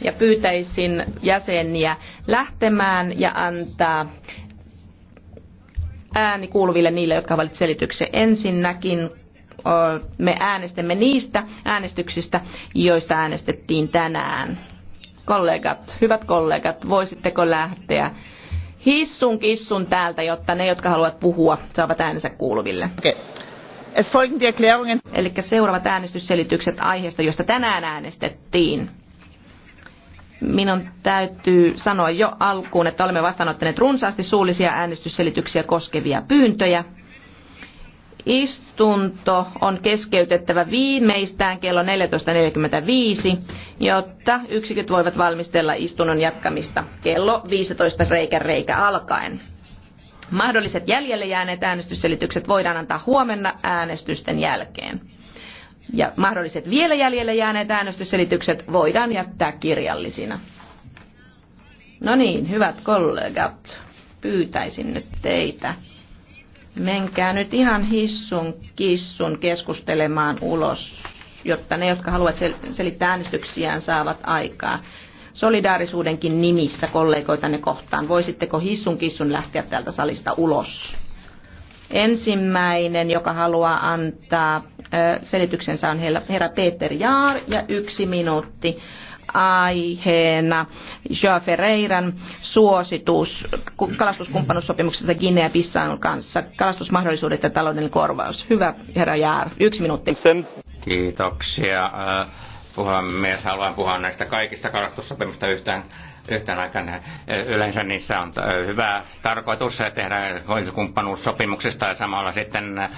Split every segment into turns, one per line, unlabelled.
ja pyytäisin jäseniä lähtemään ja antaa ääni kuuluville niille, jotka valit selityksen. Ensinnäkin me äänestämme niistä äänestyksistä, joista äänestettiin tänään. Kollegat, hyvät kollegat, voisitteko lähteä hissun kissun täältä, jotta ne, jotka haluavat puhua, saavat äänensä kuuluville. Okay. Es Erklärungen. Eli seuraavat äänestysselitykset aiheesta, josta tänään äänestettiin. Minun täytyy sanoa jo alkuun, että olemme vastaanottaneet runsaasti suullisia äänestysselityksiä koskevia pyyntöjä. Istunto on keskeytettävä viimeistään kello 14.45, jotta yksiköt voivat valmistella istunnon jatkamista kello 15 reikä reikä alkaen. Mahdolliset jäljelle jääneet äänestysselitykset voidaan antaa huomenna äänestysten jälkeen. Ja mahdolliset vielä jäljelle jääneet äänestysselitykset voidaan jättää kirjallisina. No niin, hyvät kollegat, pyytäisin nyt teitä. Menkää nyt ihan hissun kissun keskustelemaan ulos, jotta ne, jotka haluavat sel- selittää äänestyksiään, saavat aikaa. Solidaarisuudenkin nimissä kollegoitanne kohtaan. Voisitteko hissun kissun lähteä täältä salista ulos? Ensimmäinen, joka haluaa antaa selityksensä, on herra Peter Jaar ja yksi minuutti aiheena Joa Ferreiran suositus kalastuskumppanuussopimuksesta guinea Bissan kanssa, kalastusmahdollisuudet ja taloudellinen korvaus. Hyvä herra Jaar, yksi minuutti.
Kiitoksia. Puhemies, haluan puhua näistä kaikista kalastussopimusta yhtään yhtään aikaan. Yleensä niissä on äh, hyvä tarkoitus tehdä kumppanuussopimuksista ja samalla sitten äh,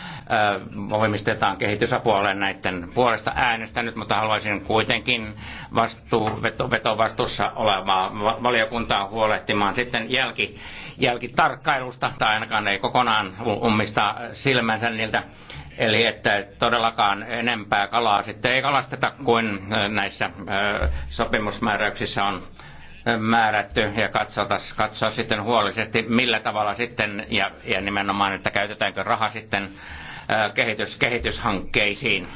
voimistetaan kehitysapuolen näiden puolesta äänestänyt, mutta haluaisin kuitenkin vastuu, veto, vastuussa olevaa valiokuntaa huolehtimaan sitten jälki, jälkitarkkailusta, tai ainakaan ei kokonaan ummista silmänsä niiltä Eli että todellakaan enempää kalaa sitten ei kalasteta kuin äh, näissä sopimusmääräyksissä on määrätty ja katsota, katsoa sitten huolellisesti, millä tavalla sitten, ja, ja nimenomaan, että käytetäänkö raha sitten kehitys, kehityshankkeisiin,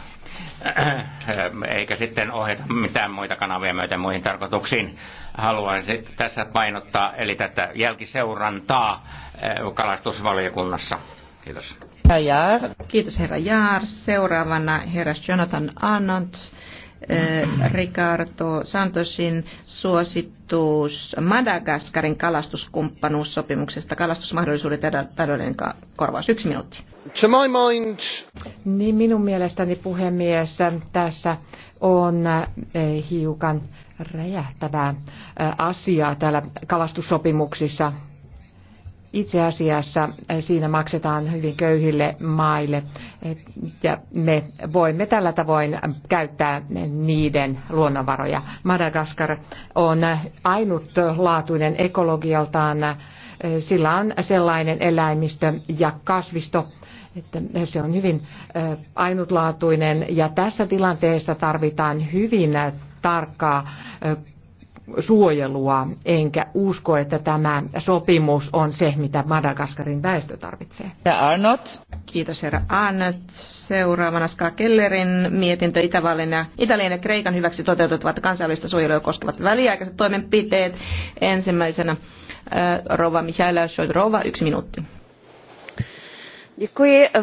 eikä sitten ohjata mitään muita kanavia myöten muihin tarkoituksiin. Haluan sitten tässä painottaa, eli tätä jälkiseurantaa kalastusvaliokunnassa. Kiitos.
Kiitos herra Jaar. Seuraavana herra Jonathan Arnott Eh, Ricardo Santosin suositus Madagaskarin kalastuskumppanuussopimuksesta, kalastusmahdollisuudet ja taloudellinen korvaus. Yksi minuutti.
To my mind. Niin minun mielestäni puhemies, tässä on eh, hiukan räjähtävää eh, asiaa täällä kalastussopimuksissa itse asiassa eh, siinä maksetaan hyvin köyhille maille eh, ja me voimme tällä tavoin käyttää niiden luonnonvaroja. Madagaskar on ainutlaatuinen ekologialtaan. Eh, sillä on sellainen eläimistö ja kasvisto, että se on hyvin ainutlaatuinen ja tässä tilanteessa tarvitaan hyvin tarkkaa suojelua, enkä usko, että tämä sopimus on se, mitä Madagaskarin väestö tarvitsee. Arnott. Kiitos herra Arnott.
Seuraavana Ska Kellerin mietintö Itävallan ja Italian ja Kreikan hyväksi toteutettavat kansainvälistä suojelua koskevat väliaikaiset toimenpiteet. Ensimmäisenä äh, Rova Michaela Rova yksi minuutti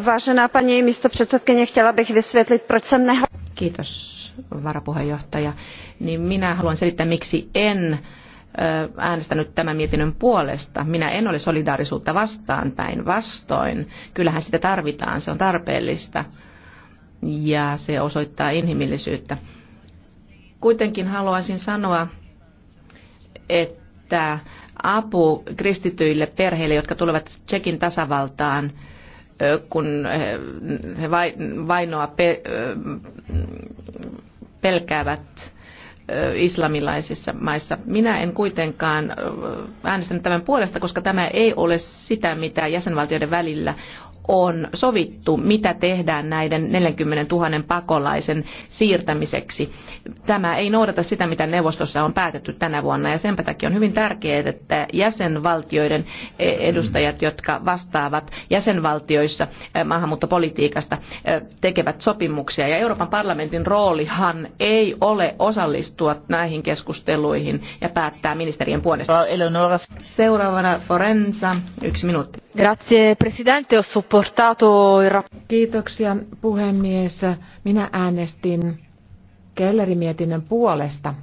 vážená paní předsedající chtěla bych vysvětlit proč jsem nehlasovala varapuheenjohtaja, niin minä haluan selittää, miksi en äänestänyt tämän mietinnön puolesta. Minä en ole solidaarisuutta vastaan päin vastoin. Kyllähän sitä tarvitaan, se on tarpeellista ja se osoittaa inhimillisyyttä. Kuitenkin haluaisin sanoa, että apu kristityille perheille, jotka tulevat Tsekin tasavaltaan, kun he vainoa pelkäävät islamilaisissa maissa. Minä en kuitenkaan äänestänyt tämän puolesta, koska tämä ei ole sitä, mitä jäsenvaltioiden välillä on sovittu, mitä tehdään näiden 40 000 pakolaisen siirtämiseksi. Tämä ei noudata sitä, mitä neuvostossa on päätetty tänä vuonna ja sen takia on hyvin tärkeää, että jäsenvaltioiden edustajat, jotka vastaavat jäsenvaltioissa eh, maahanmuuttopolitiikasta, eh, tekevät sopimuksia. Ja Euroopan parlamentin roolihan ei ole osallistua näihin keskusteluihin ja päättää ministerien puolesta.
Seuraavana Forensa, yksi minuutti. Grazie presidente, ho supportato Kiitoksia puhemies. Minä äänestin Kellerimietinnön puolesta.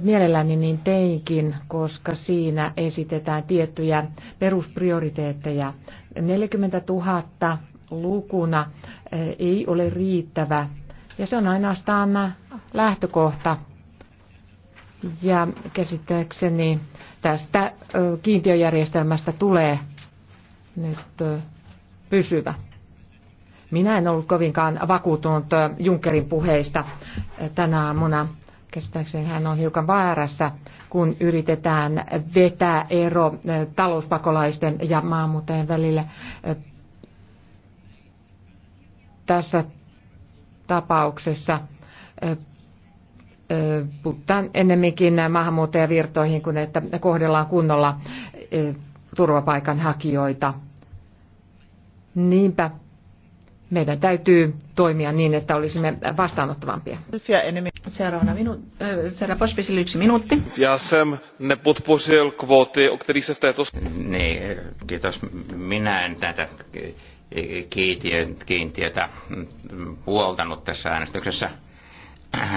Mielelläni niin teinkin, koska siinä esitetään tiettyjä perusprioriteetteja. 40 000 lukuna eh, ei ole riittävä ja se on ainoastaan lähtökohta. Ja käsittääkseni tästä eh, kiintiöjärjestelmästä tulee nyt pysyvä. Minä en ollut kovinkaan vakuutunut Junckerin puheista tänä aamuna. Käsittääkseni hän on hiukan väärässä, kun yritetään vetää ero talouspakolaisten ja maahanmuuttajien välillä. Tässä tapauksessa puhutaan ennemminkin maahanmuuttajavirtoihin kuin että kohdellaan kunnolla turvapaikanhakijoita. Niinpä meidän täytyy toimia niin, että olisimme vastaanottavampia. Seuraavana minu... Äh, Seuraava Pospisil yksi minuutti. Já jsem nepodpořil kvóty, o kterých se v této...
Niin, kiitos. Minä en tätä kiintiötä puoltanut tässä äänestyksessä.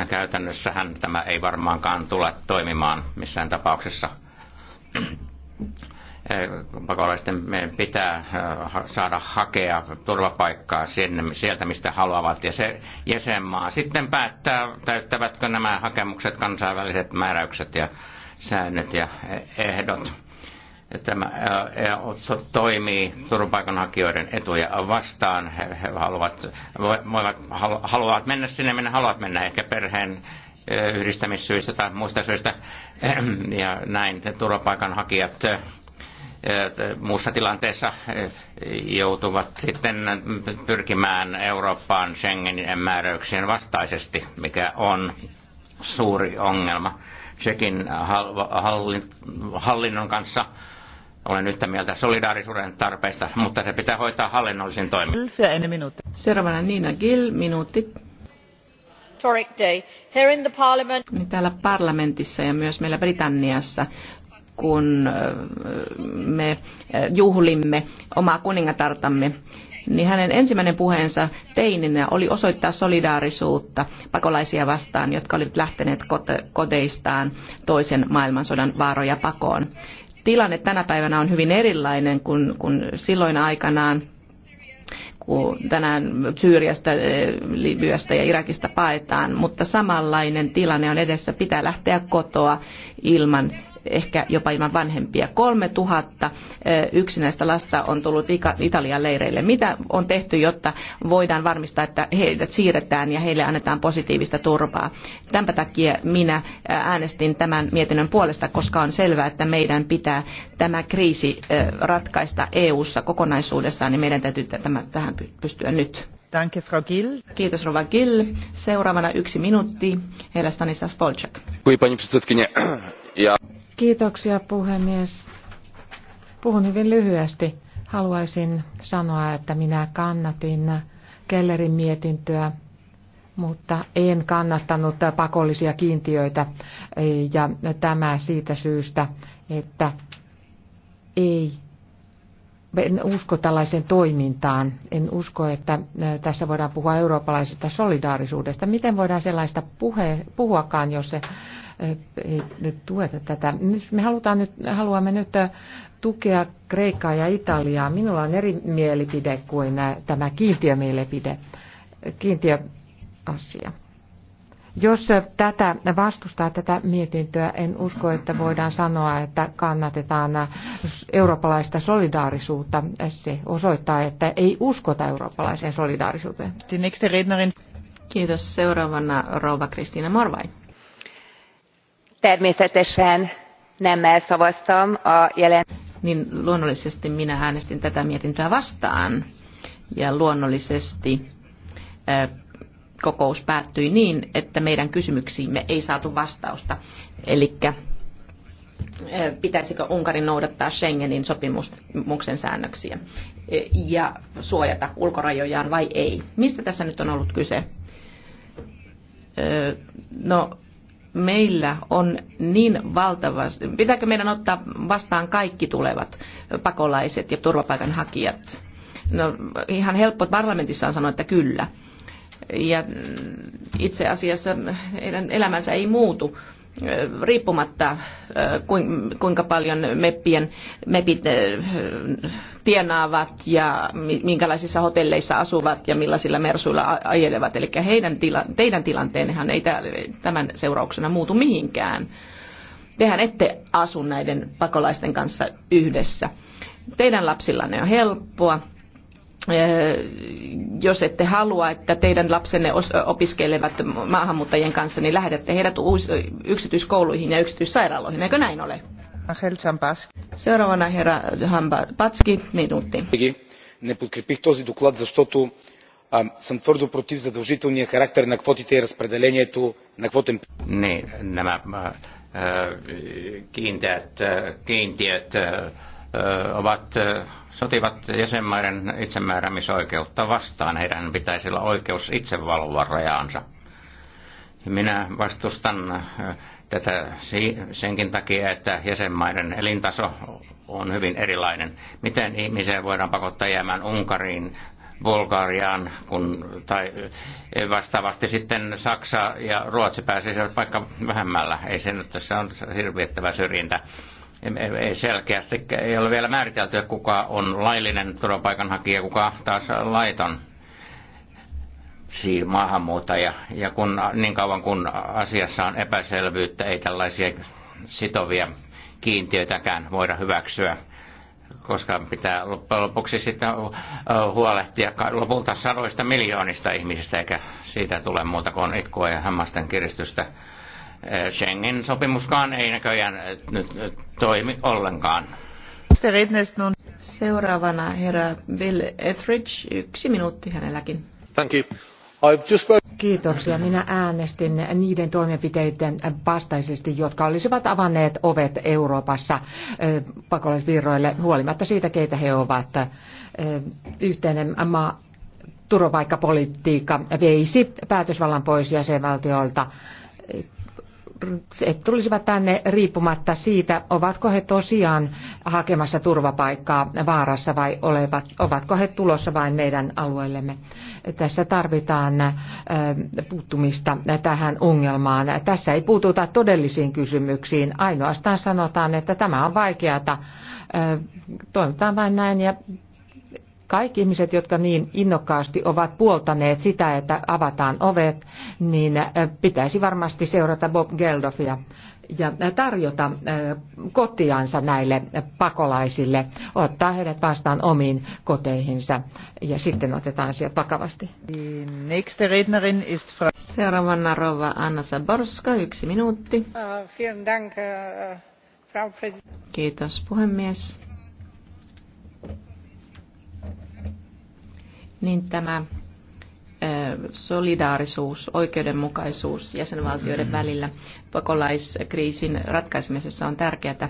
Käytännössähän tämä ei varmaankaan tule toimimaan missään tapauksessa Eh, pakolaisten pitää eh, saada hakea turvapaikkaa sieltä, mistä haluavat. Ja se jäsenmaa sitten päättää, täyttävätkö nämä hakemukset kansainväliset määräykset ja säännöt ja ehdot. Tämä eh, toimii turvapaikanhakijoiden etuja vastaan. He haluavat, voivat, haluavat mennä sinne, minne haluavat mennä, ehkä perheen yhdistämissyistä tai muista syistä. Ja näin turvapaikanhakijat muussa tilanteessa joutuvat sitten pyrkimään Eurooppaan Schengenin määräyksien vastaisesti, mikä on suuri ongelma. Sekin hallinnon kanssa olen yhtä mieltä solidaarisuuden tarpeista, mutta se pitää hoitaa hallinnollisin toimin.
Seuraavana Nina Gill, minuutti. Niin täällä parlamentissa ja myös meillä Britanniassa kun me juhlimme omaa kuningatartamme, niin hänen ensimmäinen puheensa teininä oli osoittaa solidaarisuutta pakolaisia vastaan, jotka olivat lähteneet kodeistaan toisen maailmansodan vaaroja pakoon. Tilanne tänä päivänä on hyvin erilainen kuin, kuin silloin aikanaan, kun tänään Syyriasta, Libyasta ja Irakista paetaan, mutta samanlainen tilanne on edessä. Pitää lähteä kotoa ilman ehkä jopa ilman vanhempia. 3000 yksinäistä lasta on tullut Italian leireille. Mitä on tehty, jotta voidaan varmistaa, että heidät siirretään ja heille annetaan positiivista turvaa? Tämän takia minä äänestin tämän mietinnön puolesta, koska on selvää, että meidän pitää tämä kriisi ratkaista EU-ssa kokonaisuudessaan, niin meidän täytyy tämä, tähän pystyä nyt. Danke, Frau Gill. Kiitos, Rova Gill. Seuraavana yksi minuutti. Heillä Stanislav
Kui pani Ja.
Kiitoksia puhemies. Puhun hyvin lyhyesti. Haluaisin sanoa, että minä kannatin Kellerin mietintöä, mutta en kannattanut pakollisia kiintiöitä. Ja tämä siitä syystä, että ei en usko tällaiseen toimintaan. En usko, että tässä voidaan puhua eurooppalaisesta solidaarisuudesta. Miten voidaan sellaista puhe, puhuakaan, jos se ei tueta tätä. Me halutaan nyt, haluamme nyt tukea Kreikkaa ja Italiaa. Minulla on eri mielipide kuin tämä kiintiömielipide, kiintiöasia. Jos tätä vastustaa tätä mietintöä, en usko, että voidaan sanoa, että kannatetaan eurooppalaista solidaarisuutta. Se osoittaa, että ei uskota eurooppalaiseen solidaarisuuteen. Kiitos. Seuraavana rouva Kristiina Morvain
természetesen nemmel szavaztam a Niin luonnollisesti minä äänestin tätä mietintöä vastaan ja luonnollisesti kokous päättyi niin, että meidän kysymyksiimme ei saatu vastausta. Eli pitäisikö Unkarin noudattaa Schengenin sopimuksen säännöksiä ja suojata ulkorajojaan vai ei. Mistä tässä nyt on ollut kyse? No, meillä on niin valtava, pitääkö meidän ottaa vastaan kaikki tulevat pakolaiset ja turvapaikanhakijat? No ihan helppo parlamentissa on sanoa, että kyllä. Ja itse asiassa heidän elämänsä ei muutu riippumatta kuinka paljon meppien, mepit tienaavat ja minkälaisissa hotelleissa asuvat ja millaisilla mersuilla ajelevat. Eli heidän tila, teidän tilanteennehan ei tämän seurauksena muutu mihinkään. Tehän ette asu näiden pakolaisten kanssa yhdessä. Teidän lapsillanne on helppoa, jos ette halua, että teidän lapsenne opiskelevat maahanmuuttajien kanssa, niin lähetätte heidät yksityiskouluihin ja yksityissairaaloihin, eikö näin ole? Seuraavana herra Patski, minuutti.
Не подкрепих този доклад, защото а, съм твърдо против задължителния характер на квотите и разпределението на квотен... Не, нема, kiintiöt, ovat sotivat jäsenmaiden itsemääräämisoikeutta vastaan. Heidän pitäisi olla oikeus itse valvoa rajaansa. Minä vastustan äh, tätä senkin takia, että jäsenmaiden elintaso on hyvin erilainen. Miten ihmisiä voidaan pakottaa jäämään Unkariin, Bulgariaan, kun, tai äh, vastaavasti sitten Saksa ja Ruotsi pääsisivät vaikka vähemmällä. Ei se nyt tässä on hirviettävä syrjintä. Ei selkeästi ei ole vielä määritelty, kuka on laillinen turvapaikanhakija, kuka taas laiton maahanmuuttaja. Ja kun, niin kauan kun asiassa on epäselvyyttä, ei tällaisia sitovia kiintiöitäkään voida hyväksyä koska pitää loppujen lopuksi sitten huolehtia lopulta sadoista miljoonista ihmisistä, eikä siitä tule muuta kuin itkua ja hämmästen kiristystä. Schengen-sopimuskaan ei näköjään nyt toimi ollenkaan.
Seuraavana herra Bill Etheridge, yksi minuutti hänelläkin. Thank you. Kiitoksia. Minä äänestin niiden toimenpiteiden vastaisesti, jotka olisivat avanneet ovet Euroopassa pakolaisvirroille huolimatta siitä, keitä he ovat. Yhteinen maa turvapaikkapolitiikka veisi päätösvallan pois jäsenvaltioilta he tulisivat tänne riippumatta siitä, ovatko he tosiaan hakemassa turvapaikkaa vaarassa vai olevat, ovatko he tulossa vain meidän alueellemme. Tässä tarvitaan puuttumista tähän ongelmaan. Tässä ei puututa todellisiin kysymyksiin, ainoastaan sanotaan, että tämä on vaikeata. Toimitaan vain näin ja kaikki ihmiset, jotka niin innokkaasti ovat puoltaneet sitä, että avataan ovet, niin pitäisi varmasti seurata Bob Geldofia ja tarjota kotiansa näille pakolaisille, ottaa heidät vastaan omiin koteihinsa ja sitten otetaan asiat vakavasti.
Seuraavana rouva Anna Saborska, yksi minuutti.
Ah, äh, äh,
Kiitos puhemies. niin tämä solidaarisuus, oikeudenmukaisuus jäsenvaltioiden välillä pakolaiskriisin ratkaisemisessa on tärkeää.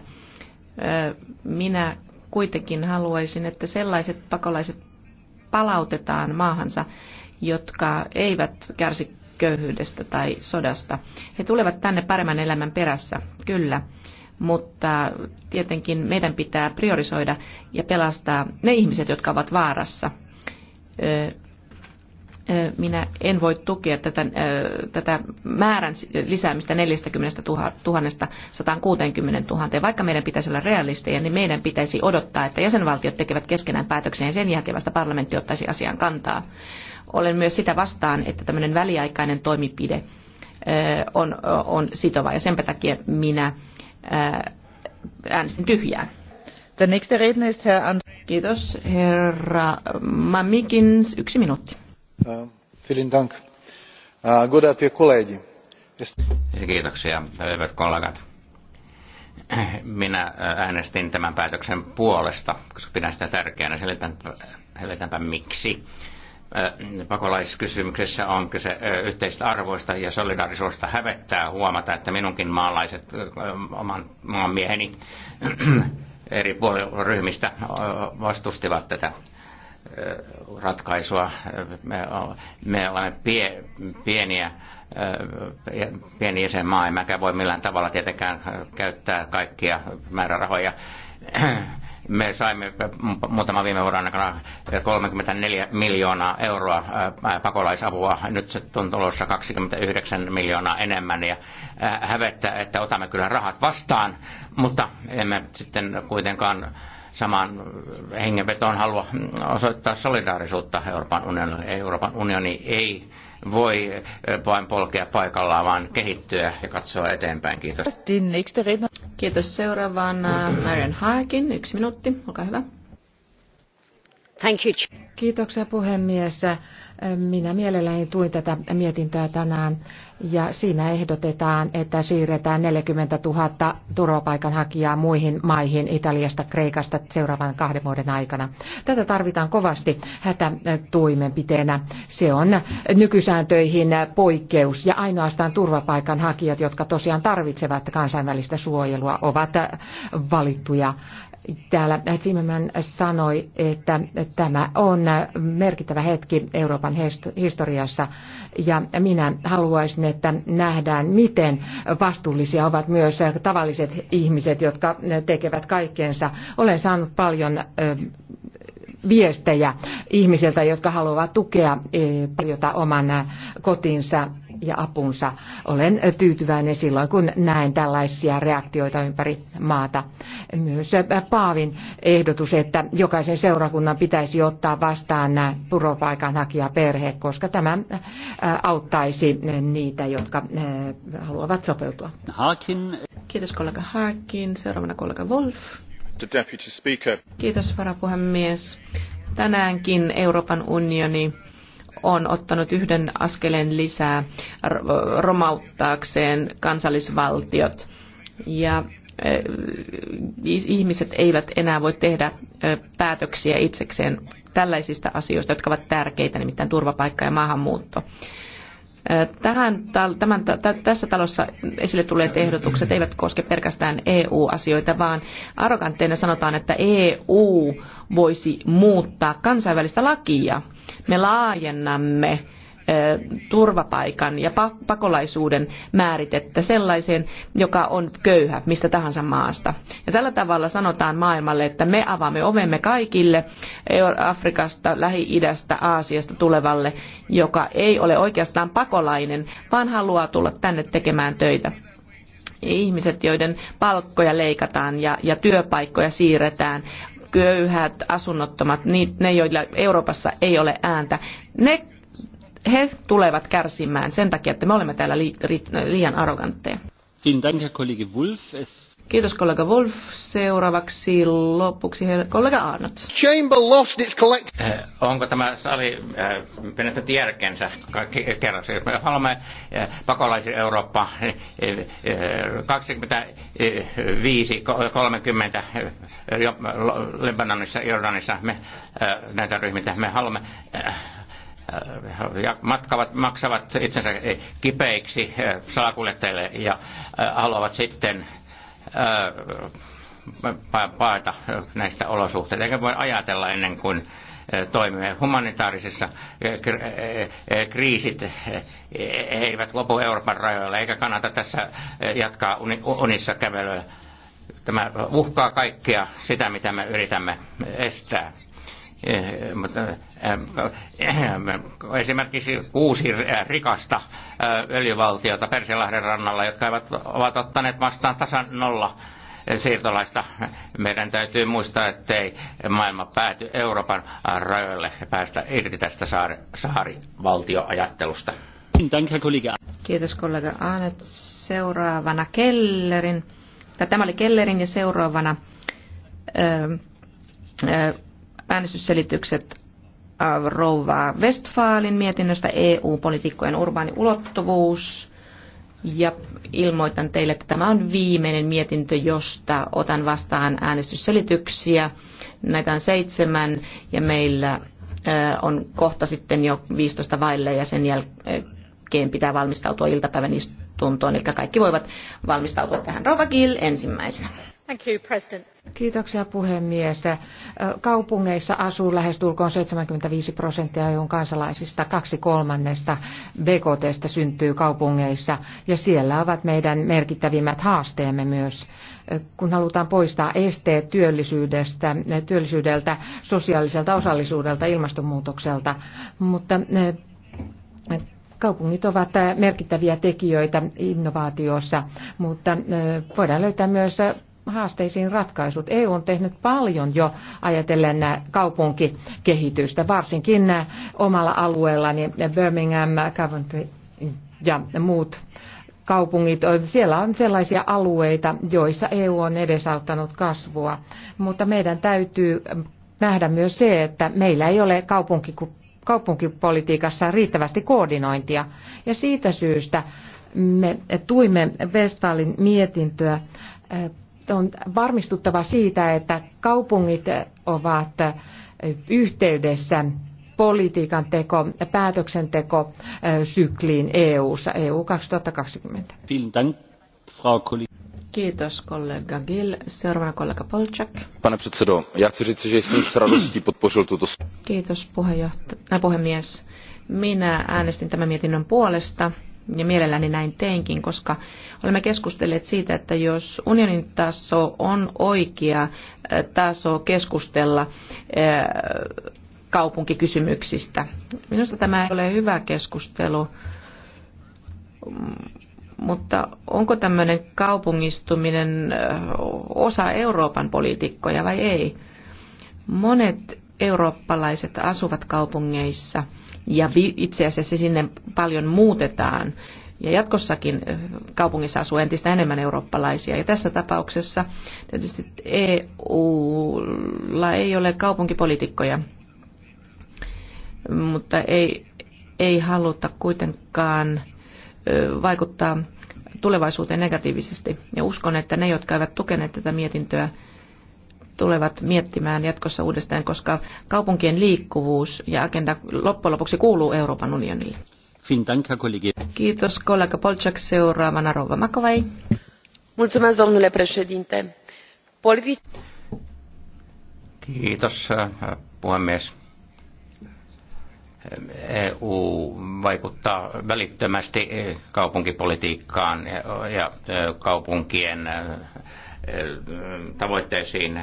Minä kuitenkin haluaisin, että sellaiset pakolaiset palautetaan maahansa, jotka eivät kärsi köyhyydestä tai sodasta. He tulevat tänne paremman elämän perässä, kyllä, mutta tietenkin meidän pitää priorisoida ja pelastaa ne ihmiset, jotka ovat vaarassa – minä en voi tukea tätä, tätä määrän lisäämistä 40 000 160 000. Vaikka meidän pitäisi olla realisteja, niin meidän pitäisi odottaa, että jäsenvaltiot tekevät keskenään päätöksen ja sen jälkeen vasta parlamentti ottaisi asian kantaa. Olen myös sitä vastaan, että tämmöinen väliaikainen toimipide on, on sitova ja sen takia minä äänestin tyhjää. The next is herr Kiitos, herra Mamikins. Yksi minuutti. Uh,
vielen dank. Uh, äh, kollegi. Kiitoksia, hyvät kollegat. Minä äh, äänestin tämän päätöksen puolesta, koska pidän sitä tärkeänä. Selitän, selitänpä miksi. Pakolaiskysymyksessä on kyse yhteistä arvoista ja solidarisuudesta hävettää huomata, että minunkin maalaiset, oman maan mieheni, eri ryhmistä vastustivat tätä ratkaisua. Me, me olemme pie, pieniä, pieni jäsenmaa, emmekä voi millään tavalla tietenkään käyttää kaikkia määrärahoja me saimme muutama viime vuoden aikana 34 miljoonaa euroa pakolaisapua. Nyt se on tulossa 29 miljoonaa enemmän. Ja hävettä, että otamme kyllä rahat vastaan, mutta emme sitten kuitenkaan samaan hengenvetoon halua osoittaa solidaarisuutta Euroopan unionille. Euroopan unioni ei voi eh, vain polkea paikallaan, vaan kehittyä ja katsoa eteenpäin.
Kiitos.
Kiitos. Seuraavaan eh, Marian Harkin. Yksi minuutti. Olkaa hyvä. Thank you. Kiitoksia puhemies. Minä mielelläni tuin tätä mietintöä tänään ja siinä ehdotetaan, että siirretään 40 000 turvapaikanhakijaa muihin maihin Italiasta, Kreikasta seuraavan kahden vuoden aikana. Tätä tarvitaan kovasti hätätoimenpiteenä. Se on nykysääntöihin poikkeus ja ainoastaan turvapaikanhakijat, jotka tosiaan tarvitsevat kansainvälistä suojelua, ovat valittuja Täällä Zimmerman sanoi, että tämä on merkittävä hetki Euroopan historiassa ja minä haluaisin, että nähdään, miten vastuullisia ovat myös tavalliset ihmiset, jotka tekevät kaikkensa. Olen saanut paljon viestejä ihmisiltä, jotka haluavat tukea paljota e, oman kotinsa ja apunsa. Olen tyytyväinen silloin, kun näen tällaisia reaktioita ympäri maata. Myös Paavin ehdotus, että jokaisen seurakunnan pitäisi ottaa vastaan nämä turvapaikanhakijaperhe, koska tämä auttaisi niitä, jotka haluavat sopeutua. Harkin. Kiitos kollega Harkin. Seuraavana kollega Wolf. Kiitos
varapuhemies. Tänäänkin Euroopan unioni on ottanut yhden askeleen lisää romauttaakseen kansallisvaltiot. Ja e, ihmiset eivät enää voi tehdä e, päätöksiä itsekseen tällaisista asioista, jotka ovat tärkeitä, nimittäin turvapaikka ja maahanmuutto. Tähän, tämän, tässä talossa esille tulleet ehdotukset eivät koske pelkästään EU-asioita, vaan arrogantteina sanotaan, että EU voisi muuttaa kansainvälistä lakia. Me laajennamme turvapaikan ja pakolaisuuden määritettä sellaiseen, joka on köyhä mistä tahansa maasta. Ja tällä tavalla sanotaan maailmalle, että me avaamme ovemme kaikille Afrikasta, Lähi-idästä, Aasiasta tulevalle, joka ei ole oikeastaan pakolainen, vaan haluaa tulla tänne tekemään töitä ihmiset, joiden palkkoja leikataan ja, ja työpaikkoja siirretään, köyhät, asunnottomat, niin ne joilla Euroopassa ei ole ääntä, ne he tulevat kärsimään sen takia, että me olemme täällä liian arrogantteja. Kiitos kollega Wolf. Seuraavaksi lopuksi kollega Arnott. Chamber lost its collect-
eh, onko tämä sali eh, menettänyt järkensä kaikki eh, Jos me haluamme eh, pakolaisia Eurooppa eh, eh, 25, 30 eh, Libanonissa, Jordanissa me, eh, näitä ryhmitä, me haluamme eh, matkavat, maksavat itsensä eh, kipeiksi eh, salakuljettajille ja eh, haluavat sitten paeta näistä olosuhteista. Eikä voi ajatella ennen kuin toimimme. Humanitaarisissa kriisit eivät lopu Euroopan rajoilla, eikä kannata tässä jatkaa unissa kävelyä. Tämä uhkaa kaikkea sitä, mitä me yritämme estää. Eh, eh, eh, esimerkiksi kuusi rikasta öljyvaltiota Persilahden rannalla, jotka ovat, ovat ottaneet vastaan tasan nolla siirtolaista. Meidän täytyy muistaa, ettei maailma pääty Euroopan rajoille päästä irti tästä saari, saarivaltioajattelusta.
Kiitos kollega Aanet. Seuraavana Kellerin, tämä oli Kellerin ja seuraavana ö, ö, äänestysselitykset Rouva Westfaalin mietinnöstä EU-politiikkojen urbaani ulottuvuus. Ja ilmoitan teille, että tämä on viimeinen mietintö, josta otan vastaan äänestysselityksiä. Näitä on seitsemän ja meillä äh, on kohta sitten jo 15 vaille ja sen jälkeen pitää valmistautua iltapäivän istuntoon tuntoon, eli kaikki voivat valmistautua tähän. Rova Gill ensimmäisenä.
Kiitoksia puhemies. Kaupungeissa asuu lähestulkoon 75 prosenttia EUn kansalaisista. Kaksi kolmannesta BKT syntyy kaupungeissa ja siellä ovat meidän merkittävimmät haasteemme myös kun halutaan poistaa esteet työllisyydestä, työllisyydeltä, sosiaaliselta osallisuudelta, ilmastonmuutokselta. Mutta Kaupungit ovat eh, merkittäviä tekijöitä innovaatiossa, mutta eh, voidaan löytää myös eh, haasteisiin ratkaisut. EU on tehnyt paljon jo ajatellen kaupunkikehitystä, varsinkin omalla alueellani Birmingham, Coventry ja muut kaupungit. Siellä on sellaisia alueita, joissa EU on edesauttanut kasvua, mutta meidän täytyy nähdä myös se, että meillä ei ole kaupunki kaupunkipolitiikassa riittävästi koordinointia. Ja siitä syystä me tuimme Vestalin mietintöä. Äh, on varmistuttava siitä, että kaupungit ovat yhteydessä politiikan teko, päätöksenteko äh, sykliin EU-ssa EU 2020. Kiitos kollega Gill. Seuraavana kollega Polčak.
Pane předsedo, já chci říct, že jsem s radostí podpořil tuto...
Kiitos puheenjohtaja, äh, puhemies. Minä äänestin tämän mietinnön puolesta ja mielelläni näin teinkin, koska olemme keskustelleet siitä, että jos unionin taso on oikea äh, taso keskustella äh, kaupunkikysymyksistä. Minusta tämä ei ole hyvä keskustelu, mutta onko tämmöinen kaupungistuminen osa Euroopan poliitikkoja vai ei. Monet eurooppalaiset asuvat kaupungeissa ja itse asiassa sinne paljon muutetaan. Ja jatkossakin kaupungissa asuu entistä enemmän eurooppalaisia. Ja tässä tapauksessa tietysti EUlla ei ole kaupunkipolitiikkoja, mutta ei, ei haluta kuitenkaan vaikuttaa tulevaisuuteen negatiivisesti. Ja uskon, että ne, jotka eivät tukeneet tätä mietintöä, tulevat miettimään jatkossa uudestaan, koska kaupunkien liikkuvuus ja agenda loppujen lopuksi kuuluu Euroopan unionille. Kiitos kollega Polchak. Seuraavana Rova Makovai. Mulțumesc, domnule președinte. Politi-
Kiitos, puhemies EU vaikuttaa välittömästi e, kaupunkipolitiikkaan ja e, kaupunkien e, tavoitteisiin,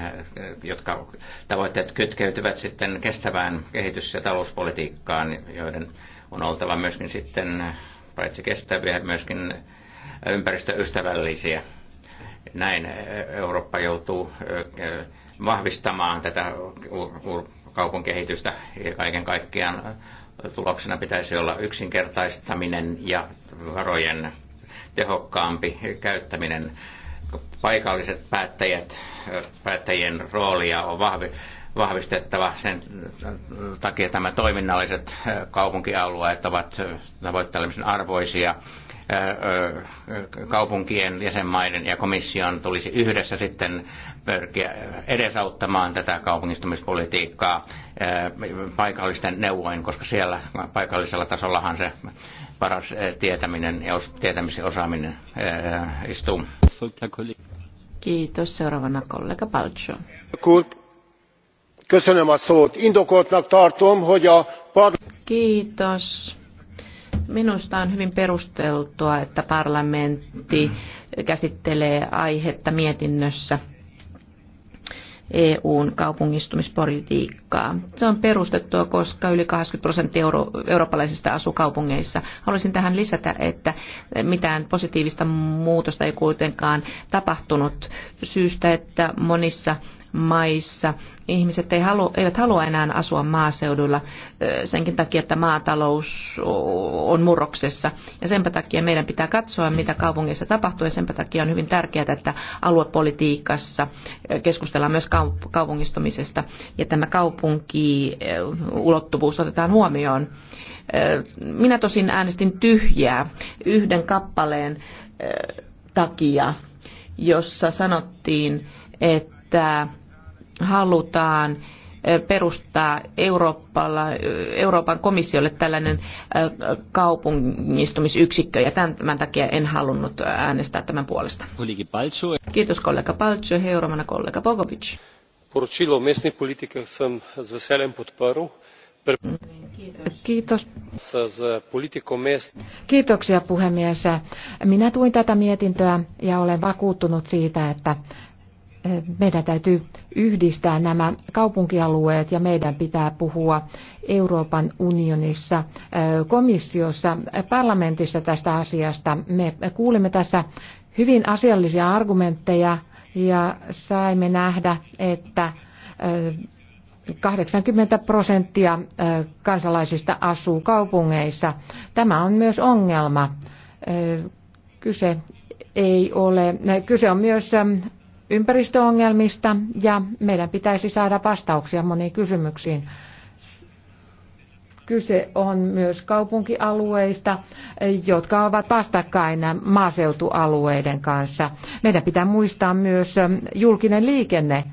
jotka tavoitteet kytkeytyvät sitten kestävään kehitys- ja talouspolitiikkaan, joiden on oltava myöskin sitten paitsi kestäviä, myöskin ympäristöystävällisiä. Näin Eurooppa joutuu vahvistamaan tätä kaupan kehitystä kaiken kaikkiaan. Tuloksena pitäisi olla yksinkertaistaminen ja varojen tehokkaampi käyttäminen. Paikalliset päättäjät, päättäjien roolia on vahvi, vahvistettava. Sen takia tämä toiminnalliset kaupunkialueet ovat tavoittelemisen arvoisia kaupunkien, jäsenmaiden ja komission tulisi yhdessä sitten pyrkiä edesauttamaan tätä kaupungistumispolitiikkaa paikallisten neuvoin, koska siellä paikallisella tasollahan se paras tietäminen ja tietämisen osaaminen istuu.
Kiitos. Seuraavana kollega Palcho.
Köszönöm a szót. Indokoltnak tartom, hogy a... Kiitos
Minusta on hyvin perusteltua, että parlamentti käsittelee aihetta mietinnössä EUn kaupungistumispolitiikkaa. Se on perustettua, koska yli 80 prosenttia euro- eurooppalaisista asuu kaupungeissa. Haluaisin tähän lisätä, että mitään positiivista muutosta ei kuitenkaan tapahtunut syystä, että monissa maissa. Ihmiset ei halu, eivät halua enää asua maaseudulla senkin takia, että maatalous on murroksessa. Ja senpä takia meidän pitää katsoa, mitä kaupungeissa tapahtuu, ja senpä takia on hyvin tärkeää, että aluepolitiikassa keskustellaan myös kaupungistumisesta, ja tämä kaupunkiulottuvuus otetaan huomioon. Minä tosin äänestin tyhjää yhden kappaleen takia, jossa sanottiin, että halutaan perustaa Euroopalla, Euroopan komissiolle tällainen kaupungistumisyksikkö, ja tämän, tämän takia en halunnut äänestää tämän puolesta. Kiitos kollega Palcio, seuraavana kollega Bogovic.
Kiitos.
Kiitoksia puhemies. Minä tuin tätä mietintöä ja olen vakuuttunut siitä, että meidän täytyy yhdistää nämä kaupunkialueet ja meidän pitää puhua Euroopan unionissa, komissiossa, parlamentissa tästä asiasta. Me kuulimme tässä hyvin asiallisia argumentteja ja saimme nähdä, että 80 eh, prosenttia eh, kansalaisista asuu kaupungeissa. Tämä on myös ongelma. Eh, kyse ei ole, kyse on myös ympäristöongelmista ja meidän pitäisi saada vastauksia moniin kysymyksiin. Kyse on myös kaupunkialueista, jotka ovat vastakkain maaseutualueiden kanssa. Meidän pitää muistaa myös julkinen liikenne.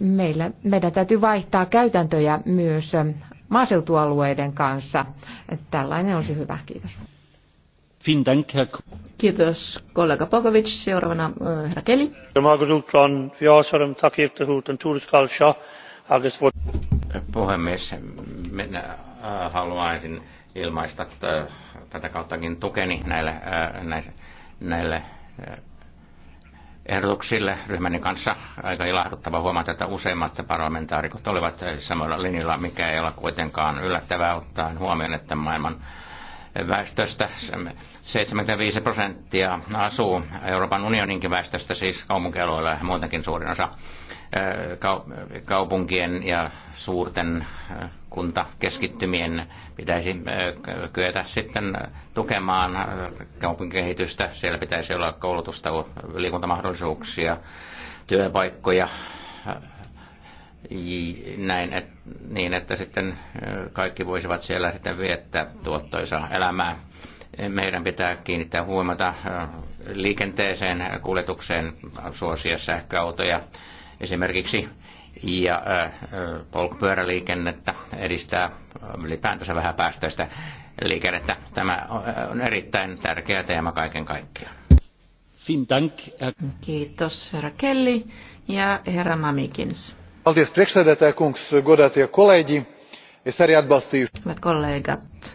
Meillä, meidän täytyy vaihtaa käytäntöjä myös maaseutualueiden kanssa. Tällainen olisi hyvä. Kiitos. Kiitos kollega Pogovic. Seuraavana
äh, herra Keli.
Puhemies, minä äh, haluaisin ilmaista äh, tätä kauttakin tukeni näille, näille, näille ehdotuksille ryhmäni kanssa. Aika ilahduttava huomata, että useimmat parlamentaarikot olivat samoilla linjoilla, mikä ei ole kuitenkaan yllättävää ottaen huomioon, että maailman väestöstä. 75 prosenttia asuu Euroopan unioninkin väestöstä, siis kaupunkialueilla ja muutenkin suurin osa eh, kaupunkien ja suurten eh, kuntakeskittymien pitäisi eh, kyetä sitten tukemaan kaupunkikehitystä. Siellä pitäisi olla koulutusta, liikuntamahdollisuuksia, työpaikkoja, näin, et, niin, että sitten kaikki voisivat siellä sitten viettää tuottoisaa elämää. Meidän pitää kiinnittää huomata liikenteeseen, kuljetukseen, suosia sähköautoja esimerkiksi ja polkupyöräliikennettä edistää ylipäätänsä päästöistä liikennettä. Tämä on erittäin tärkeä teema kaiken kaikkiaan.
Kiitos herra Kelly ja herra Mamikins.
Paldies priekšsēdētāja kungs, godātie kolēģi. Es arī atbalstīju.
Hyvät kollegat,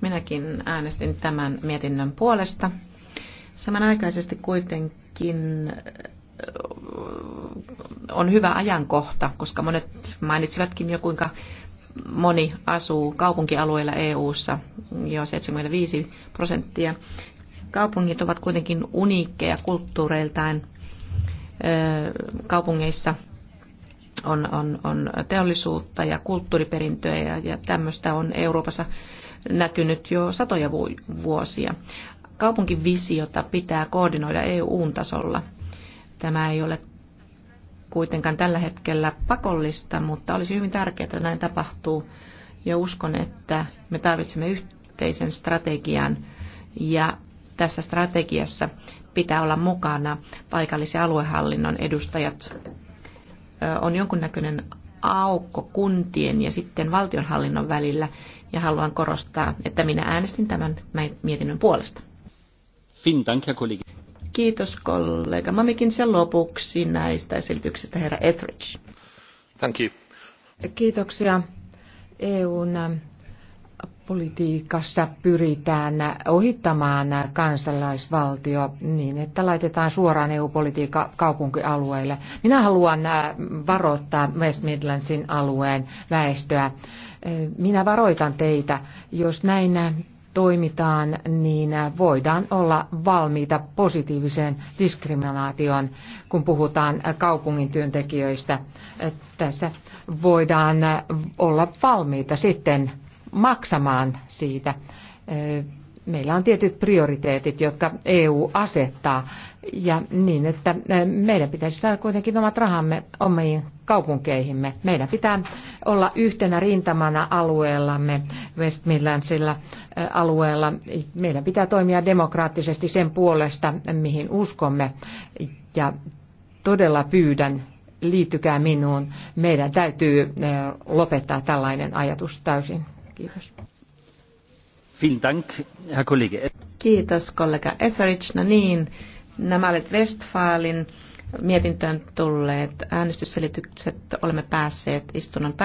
minäkin äänestin tämän mietinnön puolesta. Samanaikaisesti kuitenkin äh, on hyvä ajankohta, koska monet mainitsivatkin jo kuinka moni asuu kaupunkialueilla EU-ssa, jo 75 prosenttia. Kaupungit ovat kuitenkin uniikkeja kulttuureiltaan äh, kaupungeissa on, on, on teollisuutta ja kulttuuriperintöä ja, ja tämmöistä on Euroopassa näkynyt jo satoja vuosia. Kaupunkivisiota pitää koordinoida EU-tasolla. Tämä ei ole kuitenkaan tällä hetkellä pakollista, mutta olisi hyvin tärkeää, että näin tapahtuu. Ja uskon, että me tarvitsemme yhteisen strategian ja tässä strategiassa pitää olla mukana paikallisen aluehallinnon edustajat on jonkunnäköinen aukko kuntien ja sitten valtionhallinnon välillä, ja haluan korostaa, että minä äänestin tämän mietinnön puolesta. Kiitos kollega
Mamikin sen lopuksi näistä esityksistä herra Etheridge. Thank you. Kiitoksia. EUn politiikassa pyritään ohittamaan kansalaisvaltio niin, että laitetaan suoraan EU-politiikka kaupunkialueille. Minä haluan äh, varoittaa West Midlandsin alueen väestöä. Äh, minä varoitan teitä, jos näin toimitaan, niin voidaan olla valmiita positiiviseen diskriminaatioon, kun puhutaan kaupungin työntekijöistä. Äh, tässä voidaan olla valmiita sitten maksamaan siitä. Meillä on tietyt prioriteetit, jotka EU asettaa, ja niin, että meidän pitäisi saada kuitenkin omat rahamme omiin kaupunkeihimme. Meidän pitää olla yhtenä rintamana alueellamme, West Midlandsilla alueella. Meidän pitää toimia demokraattisesti sen puolesta, mihin uskomme. Ja todella pyydän, liittykää minuun. Meidän täytyy lopettaa tällainen ajatus täysin. Kiitos. Dank, Herr Kollege. Kiitos kollega Etheridge. No niin, nämä olivat
Westfalin
mietintöön tulleet äänestysselitykset. Olemme päässeet istunnon päätökseen.